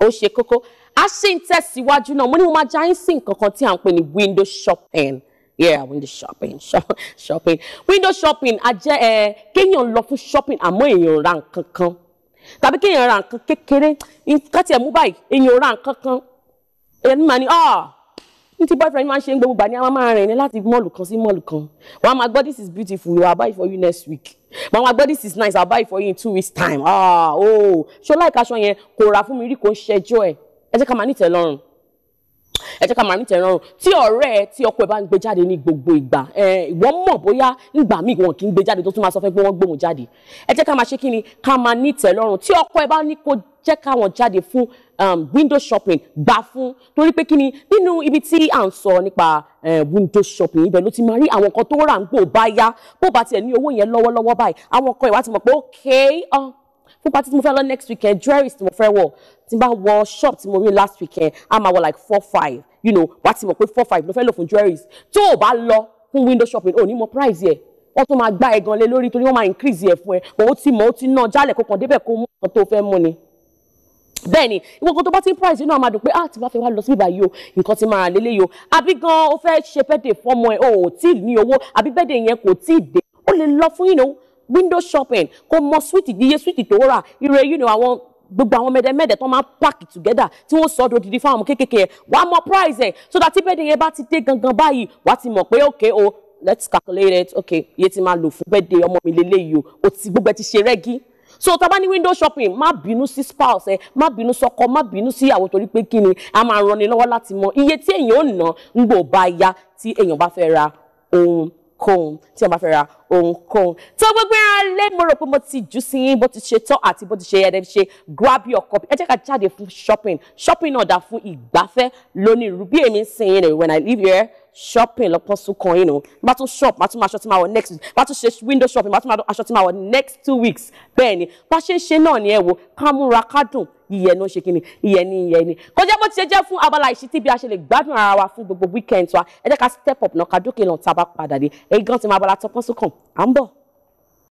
ó ṣe kókó a ṣì ń tẹ̀síwájú náà mo ní mo máa já sí nǹkan tí à ń pè ní window shopping yeah window shopping shopping window shopping a jẹ́ ẹ kéèyàn lọ fún shopping àmọ́ èèyàn ra nǹkan kan tàbí kéèyàn ra nǹkan kékeré nǹkan tiẹ̀ mú báyìí èèyàn ra nǹkan kan ẹni màá ní ah ní boyfriend máa ń ṣe ń gbogbo gbà ní àwọn máa rìn ní láti mọ́ọ̀lù kan sí mọ́ọ̀lù kan wọn máa gbọ́ this is beautiful i will buy it for you next week wọn máa gbọ́ this is nice i will buy it for you in two weeks time ah oh ṣó láìka aṣọ yẹn kò rà fún mi rí kò ń ṣẹjọ́ ẹ̀ ẹ jẹ́ ká máa nítẹ̀lọ́rùn ẹ jẹ́ ká máa rí tẹ̀ràn ọ̀rùn tí ọ̀rẹ́ ẹ tí ọkọ ẹ bá ń gbé jáde ní gbogbo ìgbà ìwọ mọ̀ bóyá nígbà míì wọn kì í gbé jáde tó tún máa sọ fẹ́ pé wọ́n gbóhùn jáde ẹ jẹ́ ká máa ṣe kí ni ká máa ní ìtẹ́lọ́rùn tí ọkọ ẹ bá ní kó jẹ́ káwọn jáde fún um, window shopping gbà fún torí pé kíni nínú ibi tí à ń sọ nípa window shopping ibẹ̀ ló ti máa rí àwọn kan tó rà ń gbò bá yá bó bá tiẹ̀ ní owó yẹn lọ́wọ́lọ́wọ́ báyìí àwọn kan ìwà ti mọ̀ pé okay uh, fún pátí tí mo fẹ́ lọ next weekend jewelries tí mo fẹ́ wọ̀ tí n bá wọ shop tí mo rí last weekend á máa wọ like four five you know wá ti mọ̀ pé four five ló fẹ́ lò fún jewelries tó o bá lọ fún window shopping ò ní mo price yẹ wọ́n tún máa gbá ẹ̀gan lé lórí torí wọ́n máa increase yẹ fún ẹ bọ̀ ó ti mọ̀ ó ti ná jálẹ̀ kó kàn débẹ̀ kó mú nǹkan tó fẹ́ mú ni bẹ́ẹ̀ ni ìwọ́n tó bá ti ń price inú àmàdùn pé àti ah, bá fẹ́ wá lọ sí ìbàyò nǹkan ti máa lélẹ̀ yìí o àbí gan o fẹ́ ṣe bẹ́ẹ̀dẹ̀ fọ́mọ ẹ o ò tí ì ní owó àbí bẹ́ẹ̀dẹ̀ yẹn kò tí ì dé o lè lọ fún yìnyín window shopping kó mọ sweet iye sweet tó rà ire you know àwọn gbogbo àwọn mẹ̀dẹ̀mẹ̀dẹ̀ tó máa ń pack together tí wọ́n sọ ọdún dídí fún àwọn kéékèèké wàá mọ price ẹ̀ so that ibẹ̀ yẹn bá ti dé gangan báyìí wàá ti mọ̀ pé okay o oh, let's calculate it okay iye tí máa lò fún birthday ọmọ mi lélẹ́yìí o o ti gbogbo ẹ ti ṣe rẹ́gí so tá a bá ní window shopping má bínú sí spouse ẹ má bínú sọkọ má bínú sí ìyàwó torí pé kí ni a máa ranni lọ́wọ́ láti mọ iye tí èèyàn ò ná ń gbò bá ya tí èèyàn bá fẹ́ ra ohun ohunkóhun tí wọ́n bá fẹ́ ra ohunkóhun. tó gbogbo ẹran lé mo rò pé mo ti jù sí yín bó ti ṣe tán àti bó ti ṣe ẹ̀ẹ́dẹ́ ṣe grab your cup ẹ jẹ́ ká jáde fún shopping shopping náà dá fún ìgbafẹ́ lónìí rú bí èmi ń sìn yín rẹ̀ when I leave here shopping lọ́pọ̀ tún kan yìí nù bá tún shop má tún máa aṣọ máa wọ̀ next week bá tún ṣe window shopping má tún máa aṣọ máa wọ̀ next two weeks bẹ́ẹ̀ ni bá ṣe ń ṣe náà ni ẹ wo ká múra ká dùn ìyẹn ló ń ṣe kíni ìyẹn ni ìyẹn ni kò jẹ́ bó ti ṣe jẹ́ fún abala ìṣítí bí a ṣe lè gbádùn ara wa fún gbogbo weekend wa ẹ jẹ́ ká step up náà ká dókè lọ́n tá a bá padà dé èyí gan ti máa abala tọpọ́n sókàn à ń bọ̀.